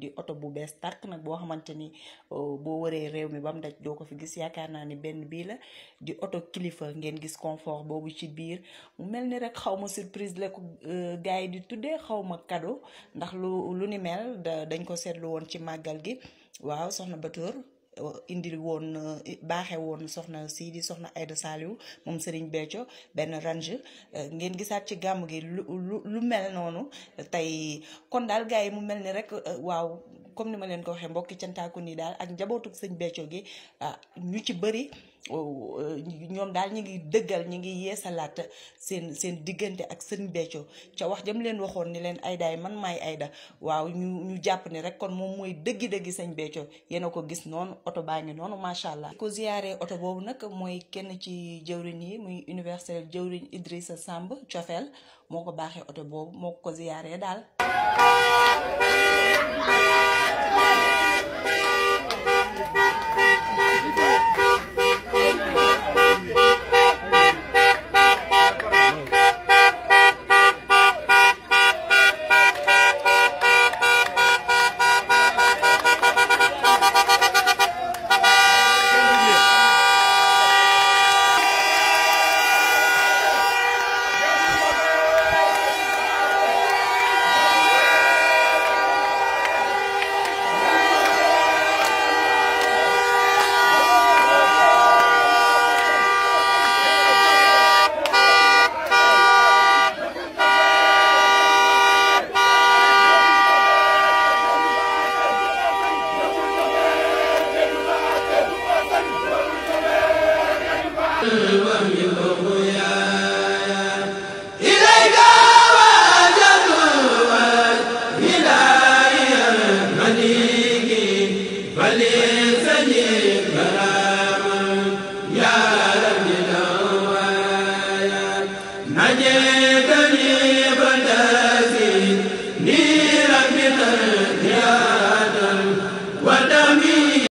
di oto bu bees tàkk nag boo xamante ni euh, boo waree réew mi ba mu daj doo ko fi gis yaakaar naa ni benn bii la di oto kilifa ngeen gis confort boobu ci biir mu mel ni rek xaw ma surprise la ko euh, gars yi di tuddee xaw ma cadeau ndax lu lu ni mel dañ ko seetlu woon ci màggal gi waaw soxna Batoor indil woon eh, baaxe woon soxna si di soxna Aida Saliou moom Serigne Béthio benn range eh, ngeen gisaat ci gàmm gi lu lu mel noonu tey kon daal gaa yi mu mel ni rek eh, waaw comme ni ma leen ko waxee mbokki cantaaku nii daal ak njabootu sëñ Béthio gi ah, ñu ci bëri Euh, ñoom daal ñu ngi dëggal ñu ngi yeesalaat seen seen diggante ak seen becco ca wax jam leen waxoon ni leen aydaay man maay ayda waaw ñu ñu jàpp ni rek kon moom mooy dëggi-dëggi seen becco yéen a ko gis noonu oto baa ngi noonu macha allah. ko ziyaare oto boobu nag mooy kenn ci jëwriñ yi muy universel jëwriñ Idrissa sàmb Cofeel moo ko baaxee oto boobu moo ko ziyaare daal Bali sañi bara